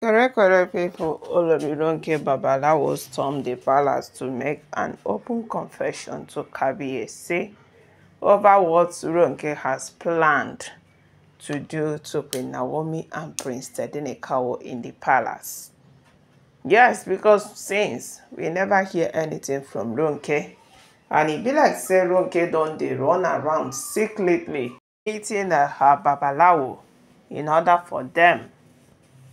correct correct people, all of you don't care. babalawo stormed the palace to make an open confession to Kabiye, say over what ronke has planned to do to queen naomi and prince tedinikawo in the palace yes because since we never hear anything from ronke and it be like say ronke don dey run around secretly eating her babalawo in order for them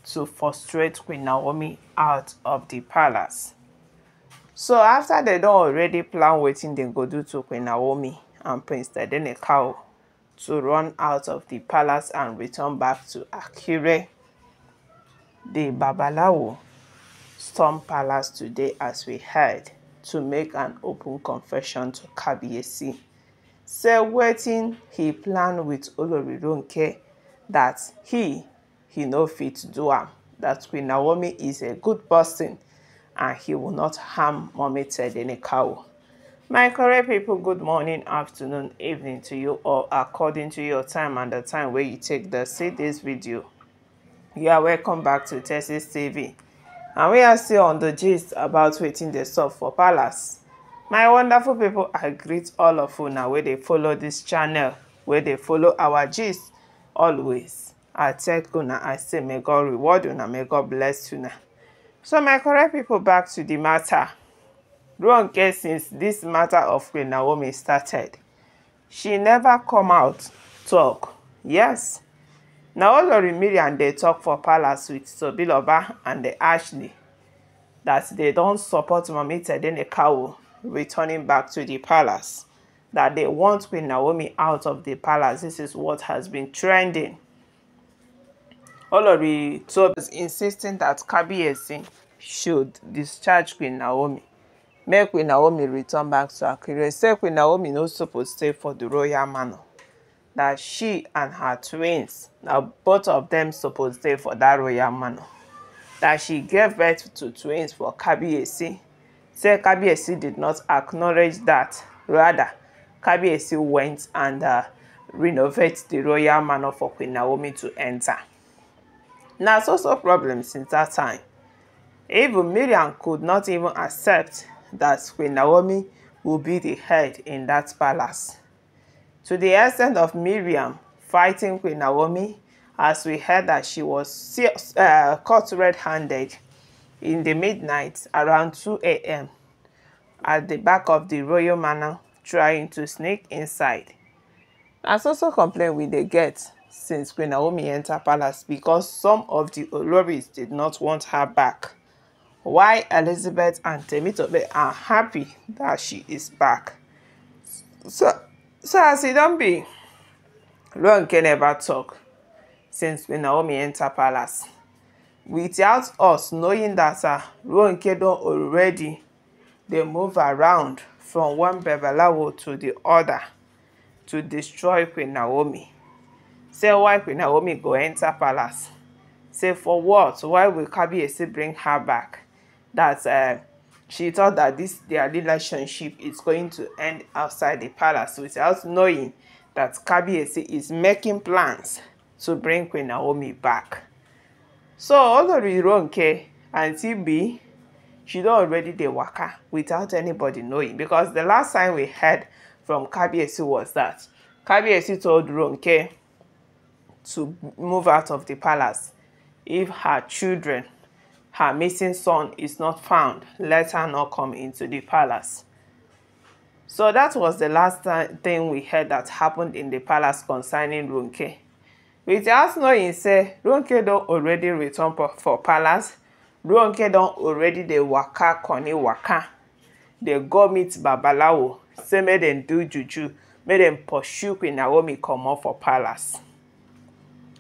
to frustrate Queen Naomi out of the palace. So after they don already plan wetin dem go do to Queen Naomi and Prince Tadenikawo to run out of the palace and return back to Akure, the Babalawo stormed palace today as we heard to make an open confession to Kabiyesi. Say wetin he plan with Olori Ronke that he he no fit do am that queen naomi is a good person and he will not harm any cow. my correct people good morning afternoon evening to you all according to your time and the time where you take the see this video you are welcome back to texas tv and we are still on the gist about waiting the sup for palace my wonderful people i greet all of you now where they follow this channel where they follow our gist always i thank una i say may god reward una may god bless una so my correct people back to the matter ronke since this matter of queen naomi started she never come out talk yes now na olori mariam they talk for palace with tobiloba and the ashley that they don't support mami tedenekawo returning back to the palace that they want queen naomi out of the palace this is what has been trending Olori Toby was insisting that Kabiyesi should discharge Queen Naomi make Queen Naomi return back to Akure. Say Queen Naomi no supposed to stay for the royal manor. That she and her twins, now both of them supposed to stay for that royal manor. That she gave birth to twins for Kabiyesi. Say Kabiyesi did not acknowledge that. Rather, Kabiyesi went and uh, renovate the royal manor for Queen Naomi to enter na so so problem since that time even miriam could not even accept that queen naomi would be the head in that palace to the extent of miriam fighting queen naomi as we heard that she was uh, caught red-handed in the midnight around 2 a.m. at the back of the royal manor trying to sneak inside. Na also so we dey get since Queen Naomi entered palace because some of the Oloris did not want her back. Why Elizabeth and Temitope are happy that she is back. So, so as it don't be, Ronke never talk since Queen Naomi entered palace. Without us knowing that uh, Ronke don already they move around from one babalawo to the other to destroy Queen Naomi. Say, why Queen Naomi go enter palace? Say, for what? Why will Kabiyesi bring her back? That uh, she thought that this their relationship is going to end outside the palace without knowing that Kabiyesi is making plans to bring Queen Naomi back. So, Olori Ronke, Auntie B, she don already dey waka without anybody knowing because the last time we heard from Kabiyesi was that Kabiyesi told Ronke to move out of the palace. If her children, her missing son, is not found, let her not come into the palace. So that was the last thing we heard that happened in the palace concerning Runke. We just Without knowing, say Runke don already return for palace. Runke don already dey waka koni waka. Dey go meet Babalawo, say make dem do juju, make dem pursue Queen Naomi comot for palace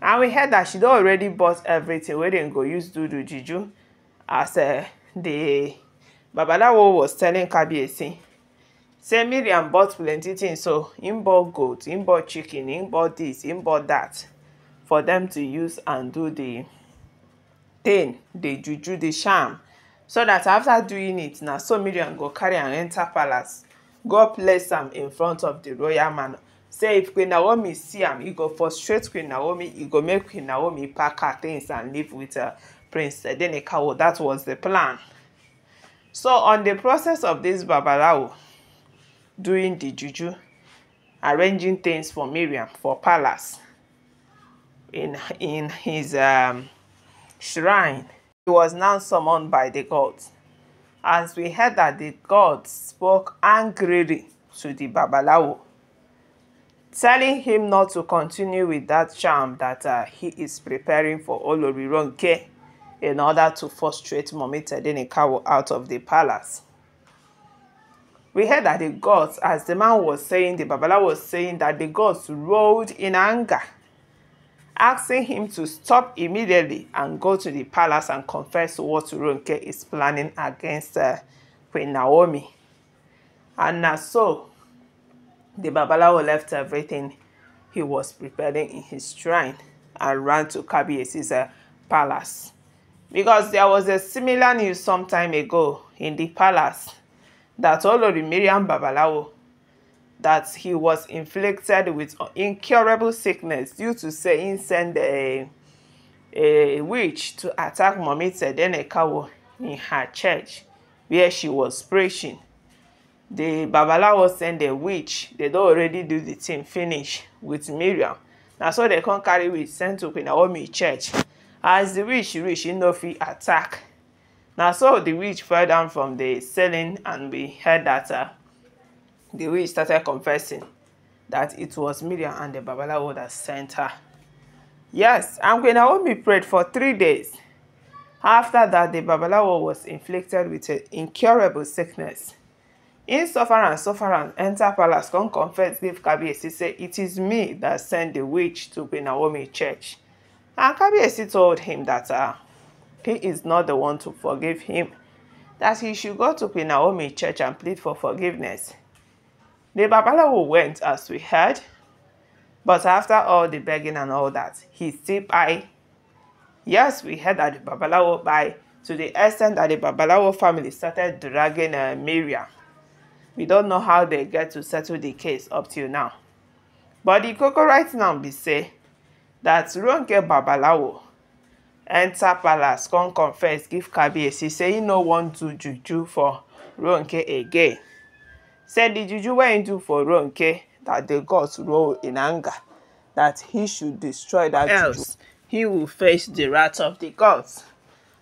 and we heard that she don already bought everything We didn't go use do do juju as di eh, babalawo was telling kabiyesi say miriam bought plenty things so im bought goat im bought chicken im bought this. im bought that, for them to use and do the thing di juju the charm so that after doing it now so miriam go carry and enter palace god place am in front of the royal man say if queen naomi see am e go frustrate queen naomi e go make queen naomi pack her things and leave with uh, prince edenikawo that was the plan so on the process of this babalawo doing the juju arranging things for miriam for palace in in his um, shrine he was now summoned by the gods as we heard that the gods spoke angrily to the babalawo telling him not to continue with that charm that uh, he is preparing for Olorironke in order to frustrate Mommy Tedinikawo out of the palace. We heard that the gods, as the man was saying, the Babala was saying that the gods rolled in anger, asking him to stop immediately and go to the palace and confess what Ronke is planning against uh, Queen Naomi. And uh, so, The Babalawo left everything he was preparing in his shrine and ran to Kabiyesi's uh, palace. Because there was a similar news some time ago in the palace that Olori Mariam Babalawo that he was inflicted with incurable sickness due to say he sent a, a witch to attack Mommy Tedenekawo in her church where she was preaching the babalawo send the witch they don already do the thing finish with miriam na so they come carry witch send to queen naomi church as the witch reach she no fit attack na so the witch fell down from the ceiling and we heard that uh, the witch started confessing that it was miriam and the babalawo that sent her yes and queen naomi prayed for three days after that the babalawo was inflicted with an incurable sickness In suffer am suffer enter palace come confess give kabiyesi say it is me that sent the witch to Queen church and kabiyesi told him that uh, he is not the one to forgive him that he should go to Queen church and plead for forgiveness the babalawo went as we heard but after all the begging and all that he still I yes we heard that the babalawo by to the extent that the babalawo family started dragging uh, we don't know how they get to settle the case up till now but the koko right now be say that ronke babalawo enta palace come confess give kabi. kabiyesi say he no want to juju for ronke again Said the juju went to for ronke that the gods roll in anger that he should destroy that else juju. he will face the wrath of the gods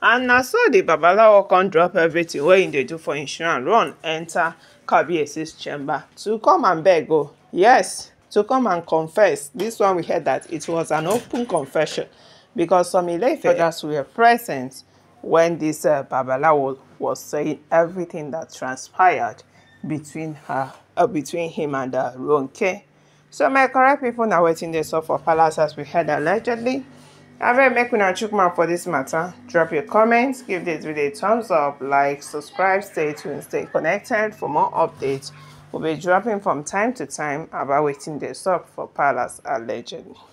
and na so the babalawo come drop everything wey im dey do for insurance run enter kabiyesi's chamber to come and beg o yes to come and confess This one we heard that it was an open confession because some Ile-Ife elders were present when this uh, babalawo was saying everything that transpired between her uh, between him and uh, Ronke. So my correct people na wetin dey sup for palace as we heard allegedly abeg make una chook mouth for this matter. drop your comments. give this video a thumbs up like subscribe stay tuned stay connected for more updates we'll be dropping from time to time about waiting dey sup for palace allegedly